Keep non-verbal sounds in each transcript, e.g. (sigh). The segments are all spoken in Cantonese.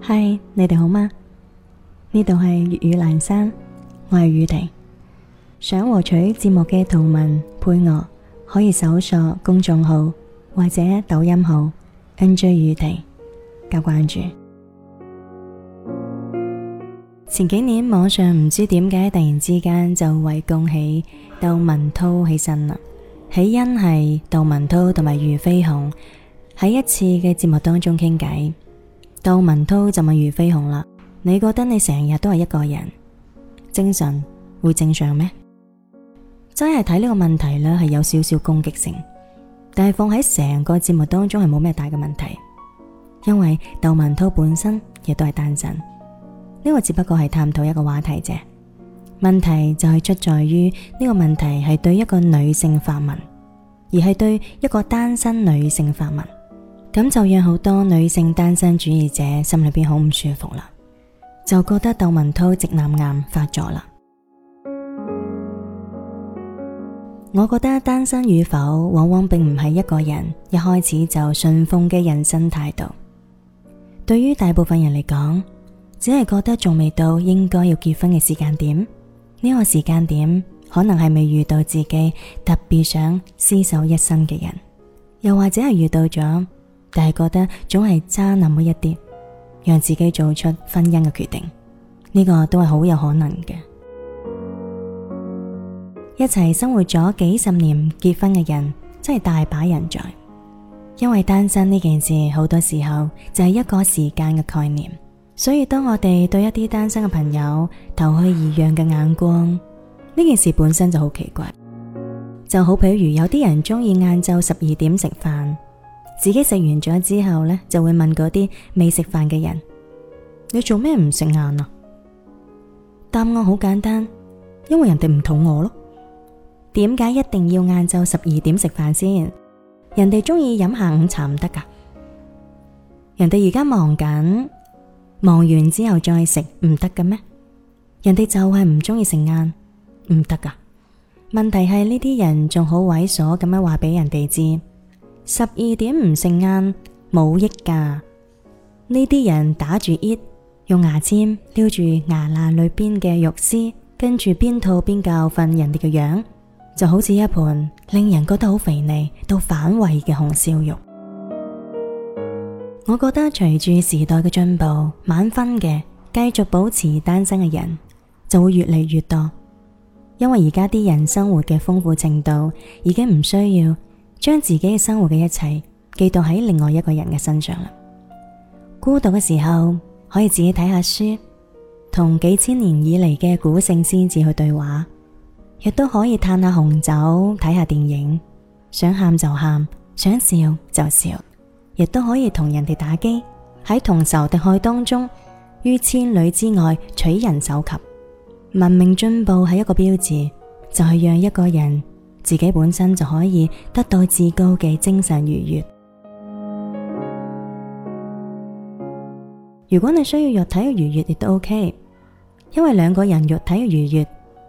嗨，Hi，你哋好嗎？呢度係粵語闌珊，我係宇婷。想獲取節目嘅圖文配樂，可以搜索公眾號或者抖音號 NJ 宇婷加關注。前幾年網上唔知點解突然之間就圍攻起竇文濤起身啦，起因係竇文濤同埋俞飛鴻喺一次嘅節目當中傾偈。竇文濤就問俞飛鴻啦：你覺得你成日都係一個人，精神會正常咩？真係睇呢個問題呢係有少少攻擊性，但係放喺成個節目當中係冇咩大嘅問題，因為竇文濤本身亦都係單身，呢個只不過係探討一個話題啫。問題就係出在於呢個問題係對一個女性嘅發問，而係對一個單身女性嘅發問。咁就讓好多女性單身主義者心裏邊好唔舒服啦，就覺得竇文濤直男癌發作啦。 (music) 我覺得單身與否，往往並唔係一個人一開始就信奉嘅人生態度。對於大部分人嚟講，只係覺得仲未到應該要結婚嘅時間點。呢個時間點可能係未遇到自己特別想廝守一生嘅人，又或者係遇到咗。.但係覺得總係差那麼一啲，讓自己做出婚姻嘅決定，呢個都係好有可能嘅。一齊生活咗幾十年唔結婚嘅人，真係大把人在。因為單身呢件事，好多時候就係一個時間嘅概念，所以當我哋對一啲單身嘅朋友投去異樣嘅眼光，呢件事本身就好奇怪。就好譬如有啲人中意晏晝十二點食飯。自己食完咗之後呢，就會問嗰啲未食飯嘅人：你做咩唔食晏啊？答案好簡單，因為人哋唔肚餓咯。點解一定要晏晝十二點食飯先？人哋中意飲下午茶唔得噶？人哋而家忙緊，忙完之後再食唔得嘅咩？人哋就係唔中意食晏，唔得噶？問題係呢啲人仲好猥瑣咁樣話俾人哋知。十二點唔食晏冇益噶，呢啲人打住咽，用牙簽撩住牙罅裏邊嘅肉絲，跟住邊吐邊教訓人哋嘅樣，就好似一盤令人覺得好肥膩到反胃嘅紅燒肉。我覺得隨住時代嘅進步，晚婚嘅、繼續保持單身嘅人就會越嚟越多，因為而家啲人生活嘅豐富程度已經唔需要。將自己嘅生活嘅一切寄託喺另外一個人嘅身上啦。孤獨嘅時候可以自己睇下書，同幾千年以嚟嘅古聖先哲去對話；亦都可以嘆下紅酒，睇下電影，想喊就喊，想笑就笑；亦都可以同人哋打機，喺同仇敵愾當中，於千里之外取人首級。文明進步係一個標誌，就係、是、讓一個人。自己本身就可以得到至高嘅精神愉悅。如果你需要肉體嘅愉悅，亦都 OK，因為兩個人肉體嘅愉悅，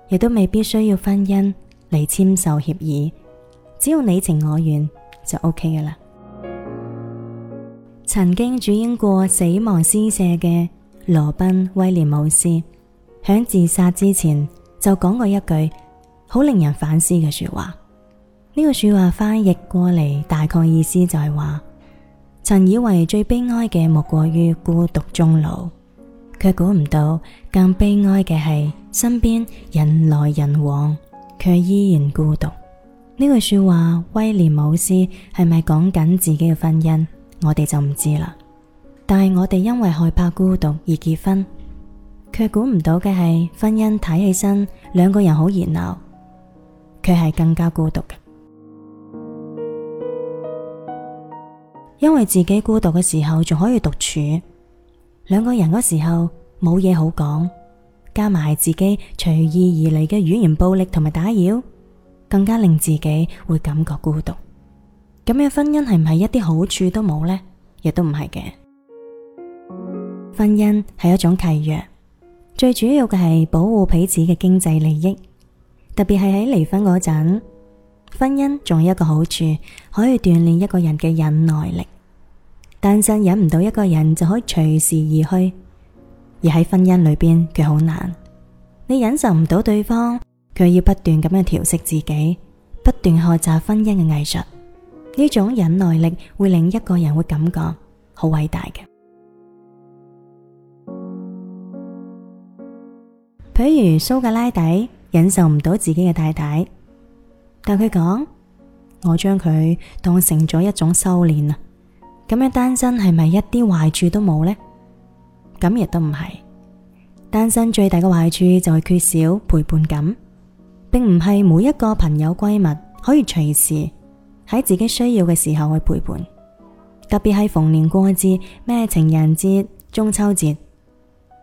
亦都未必需要婚姻嚟簽售協議，只要你情我願就 OK 噶啦。曾經主演過《死亡詩社》嘅羅賓威廉姆斯，響自殺之前就講過一句。好令人反思嘅說話，呢個說話翻譯過嚟，大概意思就係話，曾以為最悲哀嘅莫過於孤獨終老，卻估唔到更悲哀嘅係身邊人來人往，卻依然孤獨。呢句說話，威廉姆斯係咪講緊自己嘅婚姻，我哋就唔知啦。但係我哋因為害怕孤獨而結婚，卻估唔到嘅係婚姻睇起身兩個人好熱鬧。佢係更加孤獨嘅，因為自己孤獨嘅時候仲可以獨處，兩個人嘅時候冇嘢好講，加埋自己隨意而嚟嘅語言暴力同埋打擾，更加令自己會感覺孤獨。咁嘅婚姻係唔係一啲好處都冇呢？亦都唔係嘅，婚姻係一種契約，最主要嘅係保護彼此嘅經濟利益。特別係喺離婚嗰陣，婚姻仲有一個好處，可以鍛煉一個人嘅忍耐力。單身忍唔到一個人就可以隨時而去，而喺婚姻裏邊佢好難。你忍受唔到對方，佢要不斷咁樣調適自己，不斷學習婚姻嘅藝術。呢種忍耐力會令一個人會感覺好偉大嘅。譬如蘇格拉底。忍受唔到自己嘅太太，但佢講，我將佢當成咗一種修煉啊！咁樣單身係咪一啲壞處都冇呢？咁亦都唔係，單身最大嘅壞處就係缺少陪伴感，並唔係每一個朋友閨蜜可以隨時喺自己需要嘅時候去陪伴。特別係逢年過節，咩情人節、中秋節，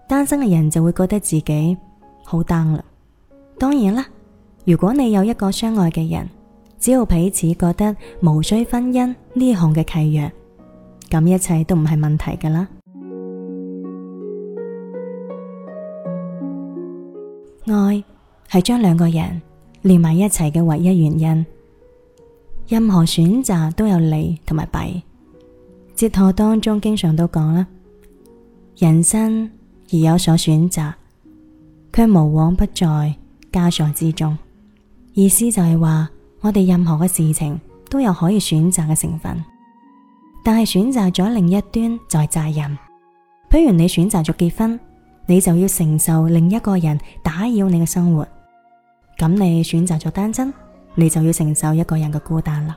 單身嘅人就會覺得自己好 down 啦。當然啦，如果你有一個相愛嘅人，只要彼此覺得無需婚姻呢項嘅契約，咁一切都唔係問題噶啦。愛係將兩個人連埋一齊嘅唯一原因。任何選擇都有利同埋弊。哲學當中經常都講啦，人生而有所選擇，卻無往不在，枷鎖之中，意思就係話，我哋任何嘅事情都有可以選擇嘅成分，但係選擇咗另一端就係責任。譬如你選擇咗結婚，你就要承受另一個人打擾你嘅生活；咁你選擇咗單身，你就要承受一個人嘅孤單啦。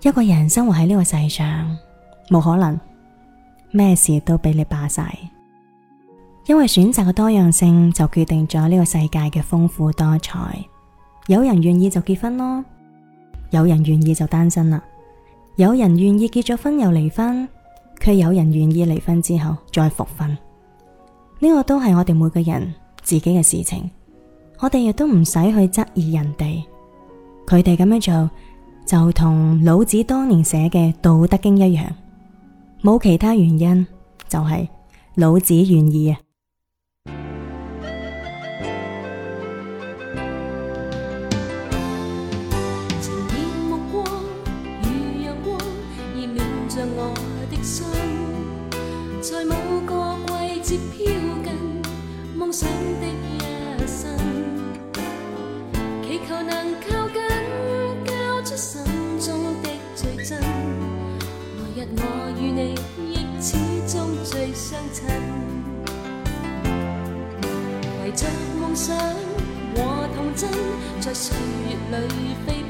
一個人生活喺呢個世上，冇可能咩事都俾你霸晒。因為選擇嘅多樣性，就決定咗呢個世界嘅豐富多彩。有人願意就結婚咯，有人願意就單身啦，有人願意結咗婚又離婚，卻有人願意離婚之後再復婚。呢個都係我哋每個人自己嘅事情，我哋亦都唔使去質疑人哋，佢哋咁樣做就同老子當年寫嘅《道德經》一樣，冇其他原因，就係老子願意啊。飄近夢想的一生，祈求能靠近，交出心中的最真。來日我與你亦始終最相襯，為着夢想和童真，在歲月裏飛。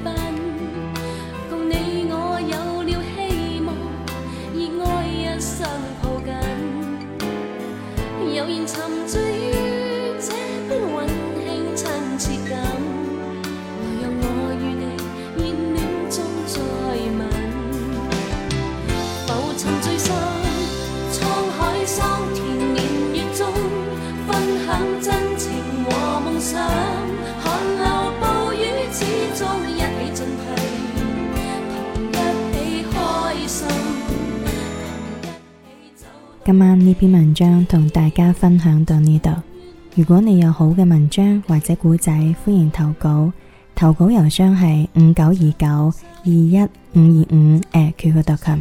今晚呢篇文章同大家分享到呢度。如果你有好嘅文章或者古仔，歡迎投稿。投稿郵箱係五九二九二一五二五，艾特 QQ 點 com。